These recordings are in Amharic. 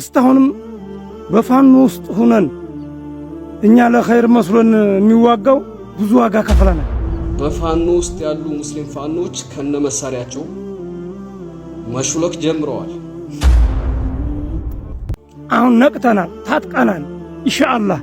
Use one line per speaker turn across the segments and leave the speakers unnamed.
እስካሁንም በፋኖ ውስጥ ሁነን እኛ ለኸይር መስሎን የሚዋጋው ብዙ ዋጋ ከፍለናል።
በፋኖ ውስጥ ያሉ ሙስሊም ፋኖች ከነ መሳሪያቸው መሽሎክ ጀምረዋል።
አሁን ነቅተናል፣ ታጥቀናል። ኢንሻአላህ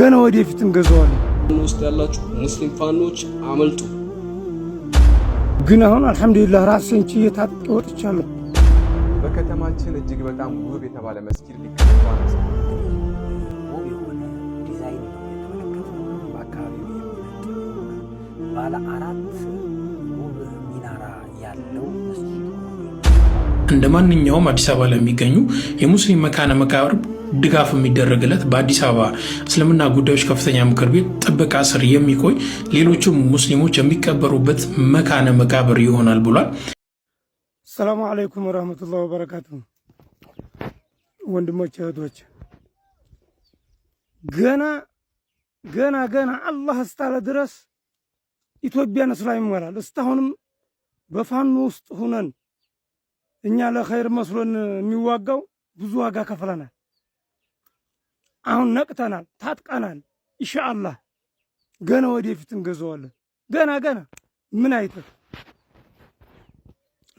ገና ወደፊት እንገዘዋለን።
ውስጥ ያላችሁ ሙስሊም ፋኖች አመልጡ።
ግን አሁን አልሐምዱሊላህ ራሴን ችዬ ታጥቄ ወጥቻለሁ። በከተማችን እጅግ በጣም ውብ የተባለ መስጊድ ሊከባ ነው።
ባለ አራት ውብ ሚናራ ያለው እንደ ማንኛውም አዲስ አበባ ለሚገኙ የሙስሊም መካነ መቃብር ድጋፍ የሚደረግለት በአዲስ አበባ እስልምና ጉዳዮች ከፍተኛ ምክር ቤት ጥበቃ ስር የሚቆይ ሌሎችም ሙስሊሞች የሚቀበሩበት መካነ መቃብር ይሆናል ብሏል።
ሰላሙ አለይኩም ወረህመቱላህ ወበረካቱ። ወንድሞች እህቶች፣ ገና ገና ገና አላህ እስታለ ድረስ ኢትዮጵያን እስላም ይሞላል። እስታሁንም በፋኖ ውስጥ ሁነን እኛ ለኸይር መስሎን የሚዋጋው ብዙ ዋጋ ከፍለናል። አሁን ነቅተናል፣ ታጥቀናል። ኢንሻአላህ ገና ወደፊት እንገዘዋለን? ገና ገና ምን አይተህ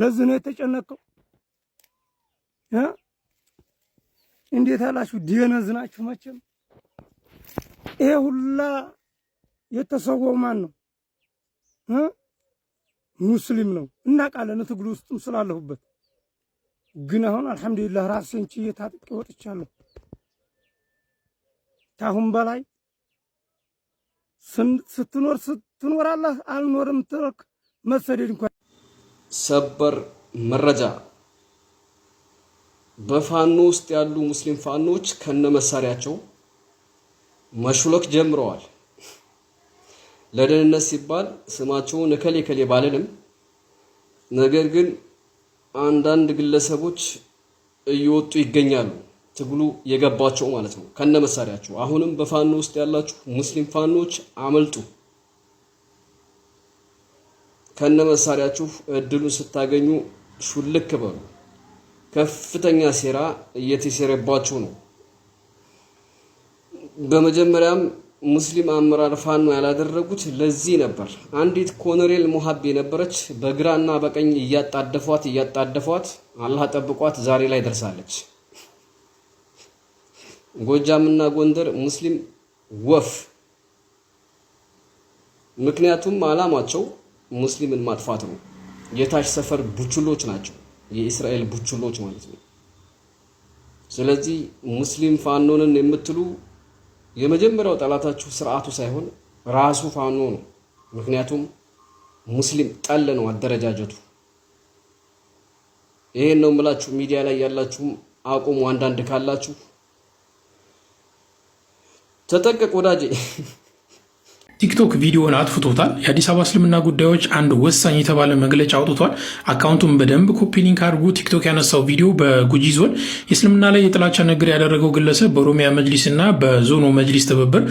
ለዚህ ነው የተጨነቀው። እንዴት አላችሁ? ዲነዝ ናችሁ መቼም። ይሄ ሁላ የተሰወው ማን ነው? ሙስሊም ነው። እናውቃለን፣ ትግሉ ውስጥም ስላለሁበት። ግን አሁን አልሐምዱሊላህ ራሴን ችዬ ታጥቄ ወጥቻለሁ። ታሁን በላይ ስትኖር ስትኖራለህ፣ አልኖርም ትረክ መሰደድ እንኳን
ሰበር መረጃ በፋኖ ውስጥ ያሉ ሙስሊም ፋኖች ከነመሳሪያቸው መሹለክ ጀምረዋል። ለደህንነት ሲባል ስማቸውን እከሌ እከሌ ባልልም፣ ነገር ግን አንዳንድ ግለሰቦች እየወጡ ይገኛሉ። ትግሉ የገባቸው ማለት ነው ከነመሳሪያቸው። አሁንም በፋኖ ውስጥ ያላችሁ ሙስሊም ፋኖች አመልጡ። ከነመሳሪያችሁ እድሉን ስታገኙ ሹልክ በሉ። ከፍተኛ ሴራ እየተሴረባችሁ ነው። በመጀመሪያም ሙስሊም አመራር ፋኖ ያላደረጉት ለዚህ ነበር። አንዲት ኮሎኔል ሙሀብ የነበረች በግራና በቀኝ እያጣደፏት እያጣደፏት አላህ ጠብቋት ዛሬ ላይ ደርሳለች። ጎጃምና ጎንደር ሙስሊም ወፍ ምክንያቱም አላማቸው ሙስሊምን ማጥፋት ነው። የታች ሰፈር ቡችሎች ናቸው፣ የእስራኤል ቡችሎች ማለት ነው። ስለዚህ ሙስሊም ፋኖንን የምትሉ የመጀመሪያው ጠላታችሁ ስርዓቱ ሳይሆን ራሱ ፋኖ ነው። ምክንያቱም ሙስሊም ጠል ነው አደረጃጀቱ። ይሄን ነው የምላችሁ። ሚዲያ ላይ ያላችሁም አቁሙ። አንዳንድ ካላችሁ ተጠቀቅ ወዳጄ።
ቲክቶክ ቪዲዮን አጥፍቶታል። የአዲስ አበባ እስልምና ጉዳዮች አንድ ወሳኝ የተባለ መግለጫ አውጥቷል። አካውንቱን በደንብ ኮፒ ሊንክ አድርጉ። ቲክቶክ ያነሳው ቪዲዮ በጉጂ ዞን የእስልምና ላይ የጥላቻ ንግግር ያደረገው ግለሰብ በኦሮሚያ መጅሊስ እና በዞኑ መጅሊስ ትብብር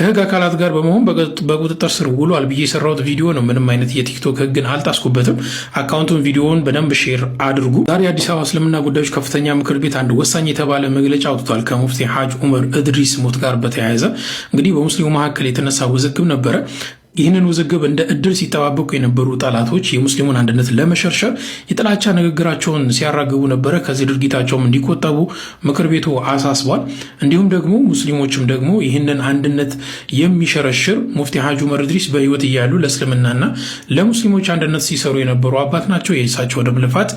ከህግ አካላት ጋር በመሆን በቁጥጥር ስር ውሏል ብዬ የሰራሁት ቪዲዮ ነው። ምንም አይነት የቲክቶክ ህግን አልጣስኩበትም። አካውንቱን ቪዲዮውን በደንብ ሼር አድርጉ። ዛሬ የአዲስ አበባ እስልምና ጉዳዮች ከፍተኛ ምክር ቤት አንድ ወሳኝ የተባለ መግለጫ አውጥቷል። ከሙፍቲ ሐጅ ዑመር እድሪስ ሞት ጋር በተያያዘ እንግዲህ በሙስሊሙ መካከል የተነሳ ውዝግብ ነበረ ይህንን ውዝግብ እንደ እድል ሲጠባበቁ የነበሩ ጠላቶች የሙስሊሙን አንድነት ለመሸርሸር የጥላቻ ንግግራቸውን ሲያራግቡ ነበረ። ከዚህ ድርጊታቸውም እንዲቆጠቡ ምክር ቤቱ አሳስቧል። እንዲሁም ደግሞ ሙስሊሞችም ደግሞ ይህንን አንድነት የሚሸረሽር ሙፍቲ ሀጂ ዑመር ኢድሪስ በሕይወት እያሉ ለእስልምናና ለሙስሊሞች አንድነት ሲሰሩ የነበሩ አባት ናቸው። የእሳቸው ደም ልፋት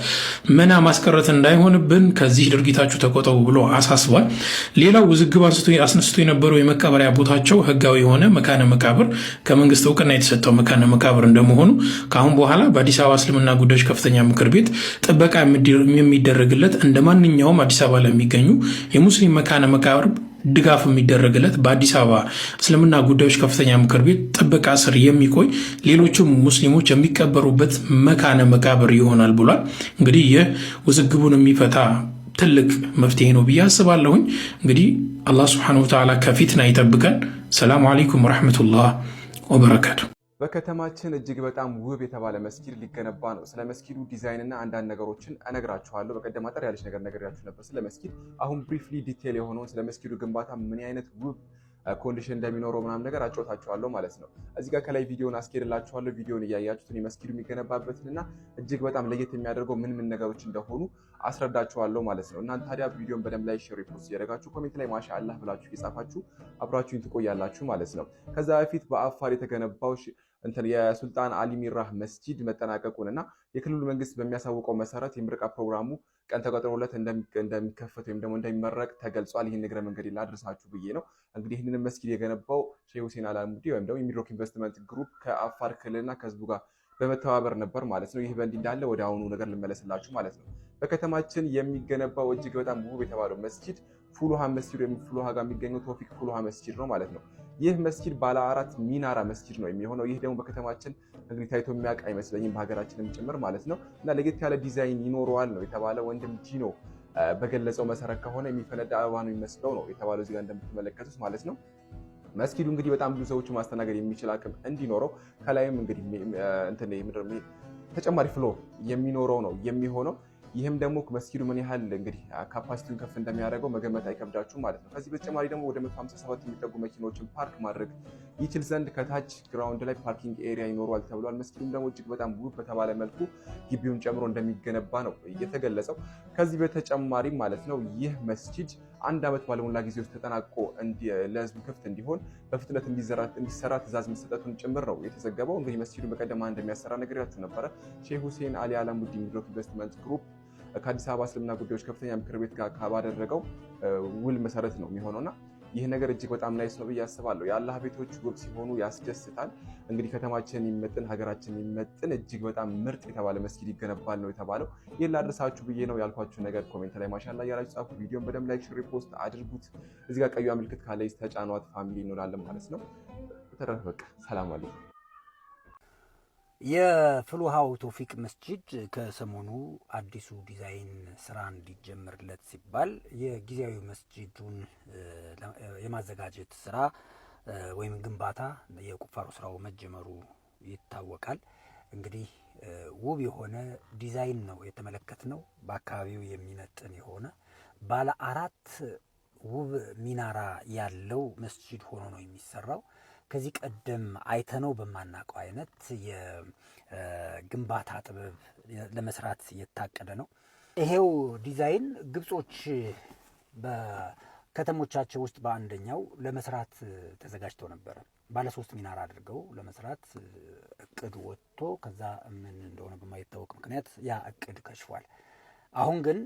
መና ማስቀረት እንዳይሆንብን ከዚህ ድርጊታችሁ ተቆጠቡ ብሎ አሳስቧል። ሌላው ውዝግብ አስነስቶ የነበረው የመቀበሪያ ቦታቸው ህጋዊ የሆነ መካነ መቃብር ከመንግስት እውቅና የተሰጠው መካነ መቃብር እንደመሆኑ ከአሁን በኋላ በአዲስ አበባ እስልምና ጉዳዮች ከፍተኛ ምክር ቤት ጥበቃ የሚደረግለት እንደ ማንኛውም አዲስ አበባ ለሚገኙ የሙስሊም መካነ መቃብር ድጋፍ የሚደረግለት በአዲስ አበባ እስልምና ጉዳዮች ከፍተኛ ምክር ቤት ጥበቃ ስር የሚቆይ ሌሎችም ሙስሊሞች የሚቀበሩበት መካነ መቃብር ይሆናል ብሏል። እንግዲህ ይህ ውዝግቡን የሚፈታ ትልቅ መፍትሄ ነው ብዬ አስባለሁኝ። እንግዲህ አላህ ስብሐነሁ ወተዓላ ከፊትና ይጠብቀን። ሰላሙ አለይኩም ወረሕመቱላህ ወበረከቱ። በከተማችን እጅግ በጣም ውብ የተባለ መስጊድ ሊገነባ ነው። ስለ መስጊዱ ዲዛይንና አንዳንድ ነገሮችን እነግራችኋለሁ። በቀደም አጠር ያለች ነገር ነግሬያችሁ ነበር ስለ መስጊድ። አሁን ብሪፍሊ ዲቴል የሆነውን ስለ መስጊዱ ግንባታ ምን አይነት ውብ ኮንዲሽን እንደሚኖረው ምናምን ነገር አጫወታችኋለሁ ማለት ነው።
እዚህ ጋር ከላይ ቪዲዮን አስኬድላችኋለሁ። ቪዲዮን እያያችሁትን የመስጊዱ የሚገነባበትን እና እጅግ በጣም ለየት የሚያደርገው ምን ምን ነገሮች እንደሆኑ አስረዳችኋለሁ ማለት ነው። እናንተ ታዲያ ቪዲዮን በደንብ ላይ ሼር፣ ሪፖስት እያደረጋችሁ ኮሜንት ላይ ማሻአላህ ብላችሁ እየጻፋችሁ አብራችሁኝ ትቆያላችሁ ማለት ነው። ከዛ በፊት በአፋር የተገነባው እንትን የሱልጣን አሊ ሚራህ መስጂድ መጠናቀቁን እና የክልሉ መንግስት በሚያሳውቀው መሰረት የምርቃ ፕሮግራሙ ቀን ተቆጥሮለት እንደሚከፈት ወይም ደግሞ እንደሚመረቅ ተገልጿል። ይህን ንግረ መንገድ ላድረሳችሁ ብዬ ነው። እንግዲህ ይህንን መስጊድ የገነባው ሼህ ሁሴን አላሙዲ ወይም ደግሞ የሚድሮክ ኢንቨስትመንት ግሩፕ ከአፋር ክልልና ከህዝቡ ጋር በመተባበር ነበር ማለት ነው። ይህ በእንዲህ እንዳለ ወደ አሁኑ ነገር ልመለስላችሁ ማለት ነው። በከተማችን የሚገነባው እጅግ በጣም ውብ የተባለው መስጂድ ፉሉሃ መስጂድ ወይም ፉሉሃ ጋር የሚገኘው ቶፊቅ ፉሉሃ መስጂድ ነው ማለት ነው። ይህ መስጂድ ባለ አራት ሚናራ መስጂድ ነው የሚሆነው። ይህ ደግሞ በከተማችን እንግዲህ ታይቶ የሚያውቅ አይመስለኝም በሀገራችንም ጭምር ማለት ነው እና ለየት ያለ ዲዛይን ይኖረዋል ነው የተባለ። ወንድም ጂኖ በገለጸው መሰረት ከሆነ የሚፈነዳ አበባ ነው የሚመስለው ነው የተባለው እዚጋ እንደምትመለከቱት ማለት ነው። መስጊዱ እንግዲህ በጣም ብዙ ሰዎችን ማስተናገድ የሚችል አቅም እንዲኖረው ከላይም እንግዲህ ተጨማሪ ፍሎ የሚኖረው ነው የሚሆነው ይህም ደግሞ መስጊዱ ምን ያህል እንግዲህ ካፓሲቲውን ከፍ እንደሚያደርገው መገመት አይከብዳችሁም ማለት ነው። ከዚህ በተጨማሪ ደግሞ ወደ 157 የሚጠጉ መኪናዎችን ፓርክ ማድረግ ይችል ዘንድ ከታች ግራውንድ ላይ ፓርኪንግ ኤሪያ ይኖረዋል ተብሏል። መስጊዱም ደግሞ እጅግ በጣም ውብ በተባለ መልኩ ግቢውን ጨምሮ እንደሚገነባ ነው እየተገለጸው። ከዚህ በተጨማሪም ማለት ነው ይህ መስጂድ አንድ ዓመት ባልሞላ ጊዜ ውስጥ ተጠናቆ ለህዝቡ ክፍት እንዲሆን በፍጥነት እንዲሰራ ትእዛዝ መሰጠቱን ጭምር ነው የተዘገበው። እንግዲህ መስጂዱ በቀደማ እንደሚያሰራ ያችሁ ነበረ። ሼህ ሁሴን አሊ አላሙዲን ሚድሮክ ኢንቨስትመንት ግሩፕ ከአዲስ አበባ እስልምና ጉዳዮች ከፍተኛ ምክር ቤት ጋር ባደረገው ውል መሰረት ነው የሚሆነውና ይህ ነገር እጅግ በጣም ናይስ ነው ብዬ አስባለሁ። የአላህ ቤቶች ውብ ሲሆኑ ያስደስታል። እንግዲህ ከተማችን የሚመጥን ሀገራችን የሚመጥን እጅግ በጣም ምርጥ የተባለ መስጊድ ይገነባል ነው የተባለው። ይህን ላድርሳችሁ ብዬ ነው ያልኳችሁ ነገር ኮሜንት ላይ ማሻላ እያላችሁ ጻፉ። ቪዲዮን በደንብ ላይክ፣ ሼር፣ ሪፖስት አድርጉት። እዚህ ጋር ቀዩ ምልክት ካለ ተጫኗት ፋሚሊ እንሆናለን ማለት ነው። በተረፈ በቃ ሰላም አለይኩም።
የፍልውሃው ቶፊቅ መስጂድ ከሰሞኑ አዲሱ ዲዛይን ስራ እንዲጀምርለት ሲባል የጊዜያዊ መስጂዱን የማዘጋጀት ስራ ወይም ግንባታ የቁፋሮ ስራው መጀመሩ ይታወቃል። እንግዲህ ውብ የሆነ ዲዛይን ነው የተመለከት ነው። በአካባቢው የሚመጥን የሆነ ባለ አራት ውብ ሚናራ ያለው መስጂድ ሆኖ ነው የሚሰራው። ከዚህ ቀደም አይተነው በማናውቀው አይነት የግንባታ ጥበብ ለመስራት የታቀደ ነው። ይሄው ዲዛይን ግብጾች በከተሞቻቸው ውስጥ በአንደኛው ለመስራት ተዘጋጅተው ነበረ። ባለሶስት ሚናር አድርገው ለመስራት እቅድ ወጥቶ ከዛ ምን እንደሆነ በማይታወቅ ምክንያት ያ እቅድ ከሽፏል። አሁን ግን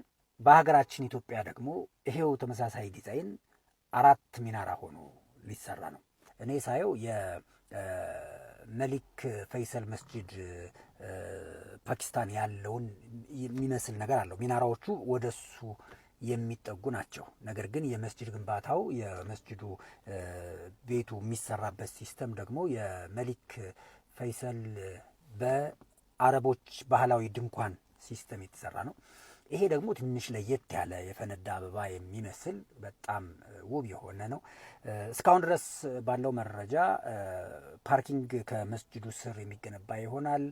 በሀገራችን ኢትዮጵያ ደግሞ ይሄው ተመሳሳይ ዲዛይን አራት ሚናራ ሆኖ ሊሰራ ነው። እኔ ሳየው የመሊክ ፈይሰል መስጂድ ፓኪስታን ያለውን የሚመስል ነገር አለው። ሚናራዎቹ ወደሱ የሚጠጉ ናቸው። ነገር ግን የመስጅድ ግንባታው የመስጅዱ ቤቱ የሚሰራበት ሲስተም ደግሞ የመሊክ ፈይሰል በአረቦች ባህላዊ ድንኳን ሲስተም የተሰራ ነው። ይሄ ደግሞ ትንሽ ለየት ያለ የፈነዳ አበባ የሚመስል በጣም ውብ የሆነ ነው። እስካሁን ድረስ ባለው መረጃ ፓርኪንግ ከመስጅዱ ስር የሚገነባ ይሆናል።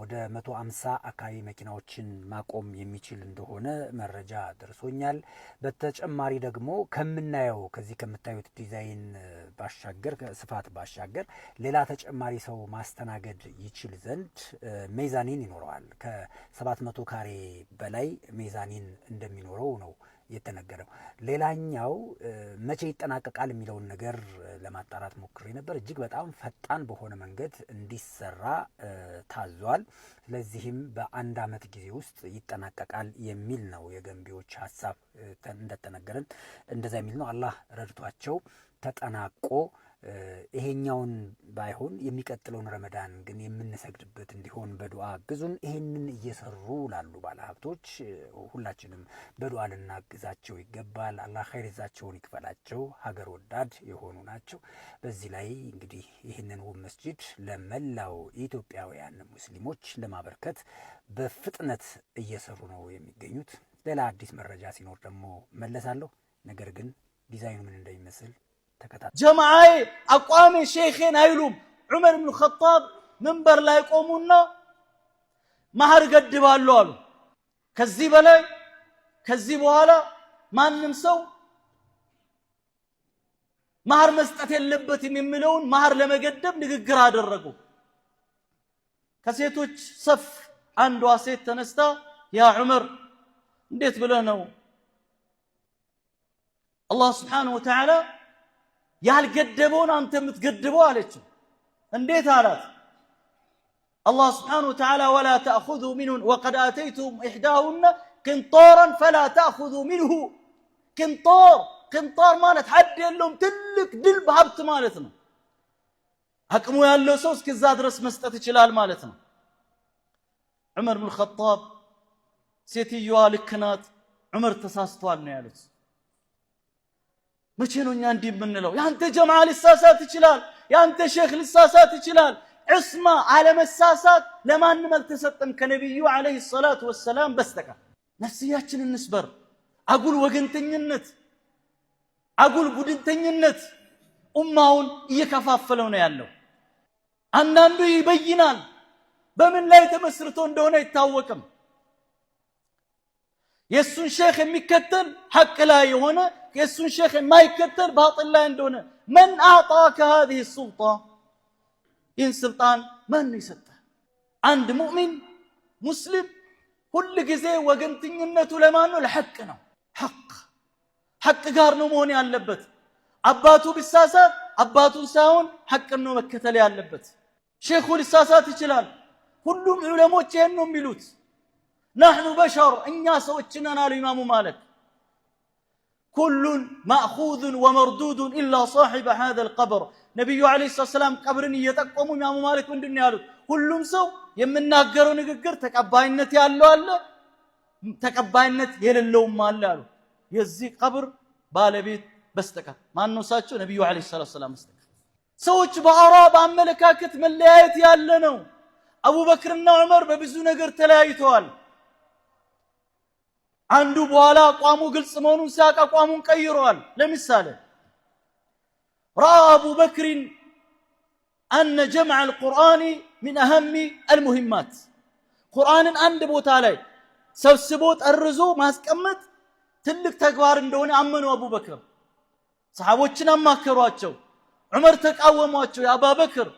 ወደ መቶ አምሳ አካባቢ መኪናዎችን ማቆም የሚችል እንደሆነ መረጃ ደርሶኛል። በተጨማሪ ደግሞ ከምናየው ከዚህ ከምታዩት ዲዛይን ባሻገር ስፋት ባሻገር ሌላ ተጨማሪ ሰው ማስተናገድ ይችል ዘንድ ሜዛኒን ይኖረዋል ከሰባት መቶ ካሬ በላይ ሚዛኒን እንደሚኖረው ነው የተነገረው። ሌላኛው መቼ ይጠናቀቃል የሚለውን ነገር ለማጣራት ሞክሬ ነበር። እጅግ በጣም ፈጣን በሆነ መንገድ እንዲሰራ ታዟል። ስለዚህም በአንድ ዓመት ጊዜ ውስጥ ይጠናቀቃል የሚል ነው የገንቢዎች ሀሳብ እንደተነገረን እንደዛ የሚል ነው። አላህ ረድቷቸው ተጠናቆ ይሄኛውን ባይሆን የሚቀጥለውን ረመዳን ግን የምንሰግድበት እንዲሆን በዱዓ ግዙን። ይሄንን እየሰሩ ላሉ ባለሀብቶች ሁላችንም በዱዓ ልናግዛቸው ይገባል። አላህ ኸይር ይዛቸውን ይክፈላቸው። ሀገር ወዳድ የሆኑ ናቸው። በዚህ ላይ እንግዲህ ይህንን ውብ መስጂድ ለመላው ኢትዮጵያውያን ሙስሊሞች ለማበርከት በፍጥነት እየሰሩ ነው የሚገኙት። ሌላ አዲስ መረጃ ሲኖር ደግሞ መለሳለሁ። ነገር ግን ዲዛይኑ ምን እንደሚመስል ተከታተሉ።
ጀማዓዬ አቋሜ ሼኼን አይሉም። ዑመር ብኑ ኸጣብ መንበር ላይ ቆሙና መሀር ገድባሉ አሉ። ከዚህ በላይ ከዚህ በኋላ ማንም ሰው መሀር መስጠት የለበትም የሚለውን መሀር ለመገደብ ንግግር አደረጉ። ከሴቶች ሰፍ አንዷ ሴት ተነስታ ያ ዑመር እንዴት ብለህ ነው አላህ ስብሓነሁ ወተዓላ ያልገደበውን አንተ የምትገድበው አለችው። እንዴት አላት? አላህ ስብሓነሁ ወተዓላ ወላ ተእኹዙ ሚንሁን ወቀድ አተይቱም ኢሕዳሁነ ቅንጦረን ፈላ ተእኹዙ ሚንሁ። ቅንጦር ቅንጦር ማለት ሀድ የለውም ትልቅ ድል በሀብት ማለት ነው። አቅሙ ያለው ሰው እስከዛ ድረስ መስጠት ይችላል ማለት ነው። ዑመር ብን ኸጣብ ሴትየዋ ልክ ናት፣ ዑመር ተሳስቷል ነው ያሉት። መቼ ነው እኛ እንዲህ የምንለው? ያንተ ጀማ ሊሳሳት ይችላል፣ ያንተ ሼክ ሊሳሳት ይችላል። ዑስማ አለመሳሳት ለማንም አልተሰጠም ከነቢዩ ዓለይሂ ሰላቱ ወሰላም በስተቀር። ነፍስያችን እንስበር። አጉል ወገንተኝነት፣ አጉል ቡድንተኝነት ኡማውን እየከፋፈለው ነው ያለው። አንዳንዱ ይበይናል፣ በምን ላይ ተመስርቶ እንደሆነ አይታወቅም። የእሱን ሼክ የሚከተል ሐቅ ላይ የሆነ የእሱን ሼክ የማይከተል ባጥል ላይ እንደሆነ መን አዕጣከ ሃዚህ ሱልጣ ይህን ስልጣን ማን ነው አንድ ሙእሚን ሙስሊም ሁል ጊዜ ወገንተኝነቱ ለማን ነው? ለሐቅ ነው። ሐቅ ሐቅ ጋር ነው መሆን ያለበት። አባቱ ቢሳሳት አባቱን ሳይሆን ሐቅን ነው መከተል ያለበት። ሼኹ ሊሳሳት ይችላል። ሁሉም ዑለሞች ይህን ነው የሚሉት። ናሕኑ በሸር እኛ ሰዎች አሉ ኢማሙ ማለክ ኩሉን ማእኹዙን ወመርዱዱን ኢላ ሳሒበ ሃዘል ቀብር። ነቢዩ ዓለይሂ ሰላም ቀብርን እየጠቆሙ ኢማሙ ማሊክ ምንድን ነው ያሉት? ሁሉም ሰው የምናገረው ንግግር ተቀባይነት ያለው አለ፣ ተቀባይነት የሌለውም አለ አሉ። የዚህ ቀብር ባለቤት በስተቀር ማነው? እሳቸው ነቢዩ ዓለይሂ ሰላም በስተቀር። ሰዎች በአራ በአመለካከት መለያየት ያለ ነው። አቡበክርና ዑመር በብዙ ነገር ተለያይተዋል። አንዱ በኋላ አቋሙ ግልጽ መሆኑን ሲያውቅ አቋሙን ቀይሯል። ለምሳሌ ረአ አቡበክሪን አነ ጀምዐ አልቁርአን ሚን አህሚ አልሙሂማት ቁርአንን አንድ ቦታ ላይ ሰብስቦ ጠርዞ ማስቀመጥ ትልቅ ተግባር እንደሆነ አመኑ። አቡበክር ሰሓቦችን አማከሯቸው። ዑመር ተቃወሟቸው። የአባበክር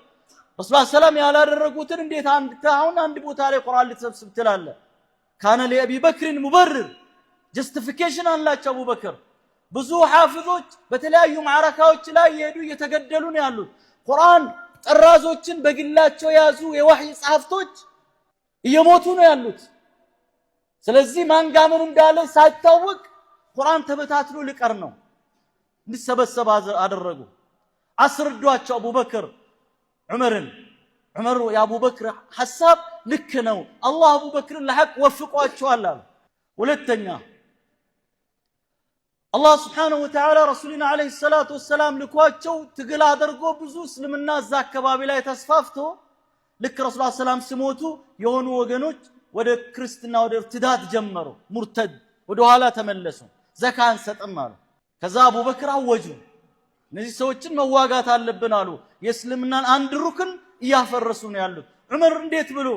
ረሱላ ሰላም ያላደረጉትን እንዴት አሁን አንድ ቦታ ላይ ቁርአን ልትሰብስብ ትላለህ? ካነ ሊአቢ በክሪን ሙበርር ጀስቲፊኬሽን አላቸው። አቡበክር ብዙ ሐፍዞች በተለያዩ ማዕረካዎች ላይ የሄዱ እየተገደሉ ነው ያሉት። ቁርአን ጥራዞችን በግላቸው የያዙ የዋህይ ጸሐፍቶች እየሞቱ ነው ያሉት። ስለዚህ ማንጋምን ምን እንዳለ ሳይታወቅ ቁርአን ተበታትኖ ሊቀር ነው። እንዲሰበሰብ አደረጉ። አስረዷቸው አቡበክር ዑመርን። ዑመር የአቡበክር ሐሳብ ልክ ነው፣ አላህ አቡበክርን ለሐቅ ወፍቋቸዋል አሉ። ሁለተኛ አላህ ስብሓነሁ ወተዓላ ረሱልና ዓለይሂ ሰላቱ ወሰላም ልኳቸው ትግል አድርጎ ብዙ እስልምና እዛ አካባቢ ላይ ተስፋፍቶ ልክ ረሱል ሰላም ሲሞቱ የሆኑ ወገኖች ወደ ክርስትና ወደ እርትዳት ጀመሩ። ሙርተድ ወደኋላ ተመለሱ። ዘካ አንሰጥም አሉ። ከዛ አቡበክር አወጁ፣ እነዚህ ሰዎችን መዋጋት አለብን አሉ። የእስልምናን አንድ ሩክን እያፈረሱ ነው ያሉት። ዑመር እንዴት ብሎ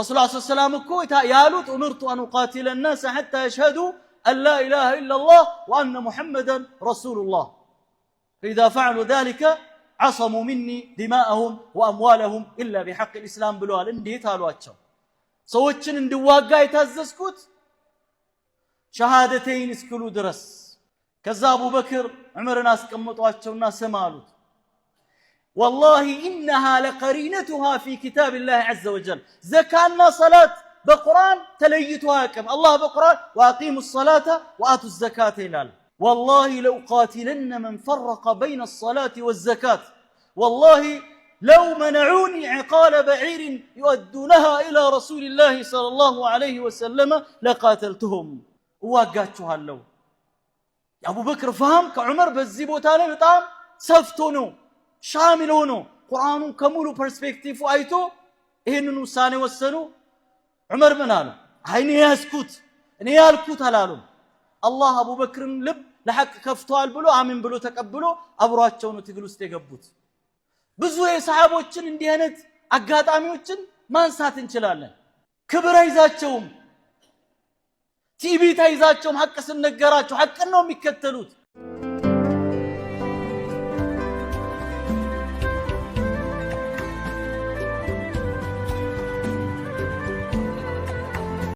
ረሱል ሰላም እኮ ያሉት ኡምርቱ አን ቃቲለ ናስ ሐታ የሽሀዱ أن لا إله إلا الله وأن محمدا رسول الله فإذا فعلوا ذلك عصموا مني دماءهم وأموالهم إلا بحق الإسلام بلوال اندي تالوا اتشو سوچن اندواقا يتززكوت شهادتين اسكلو درس كذاب بكر عمر ناس كمتوا اتشو ناس مالوت والله إنها لقرينتها في كتاب الله عز وجل زكاة صلاة በቁርአን ተለይቶ አያውቅም። አላህ በቁርአን ወአቂሙ ሰላተ ወአቱ ዘካተ ይላል። ወላሂ ለኡቃቲለነ መን ፈረቀ በይነ ሰላቲ ወዘካት ወላሂ ለው መነዑኒ ዕቃለ በዒርን ዩአዱነሃ ኢላ ረሱሊላሂ ሰለላሁ ዐለይሂ ወሰለመ ለቃተልትሁም እዋጋችኋለሁ። የአቡበክር ፋህም ከዑመር በዚህ ቦታ ላይ በጣም ሰፍቶ ነው ሻሚል ሆኖ ቁርአኑን ከሙሉ ፐርስፔክቲቭ አይቶ ይህንን ውሳኔ ወሰኑ። ዑመር ምን አሉ? አይ እኔ ያዝኩት እኔ ያልኩት አላሉም። አላህ አቡበክርን ልብ ለሐቅ ከፍተዋል ብሎ አሚን ብሎ ተቀብሎ አብሯቸው ነው ትግል ውስጥ የገቡት። ብዙ የሰሓቦችን እንዲህ አይነት አጋጣሚዎችን ማንሳት እንችላለን። ክብር አይዛቸውም፣ ቲቪት አይዛቸውም። ሐቅ ስነገራቸው ሐቅን ነው የሚከተሉት።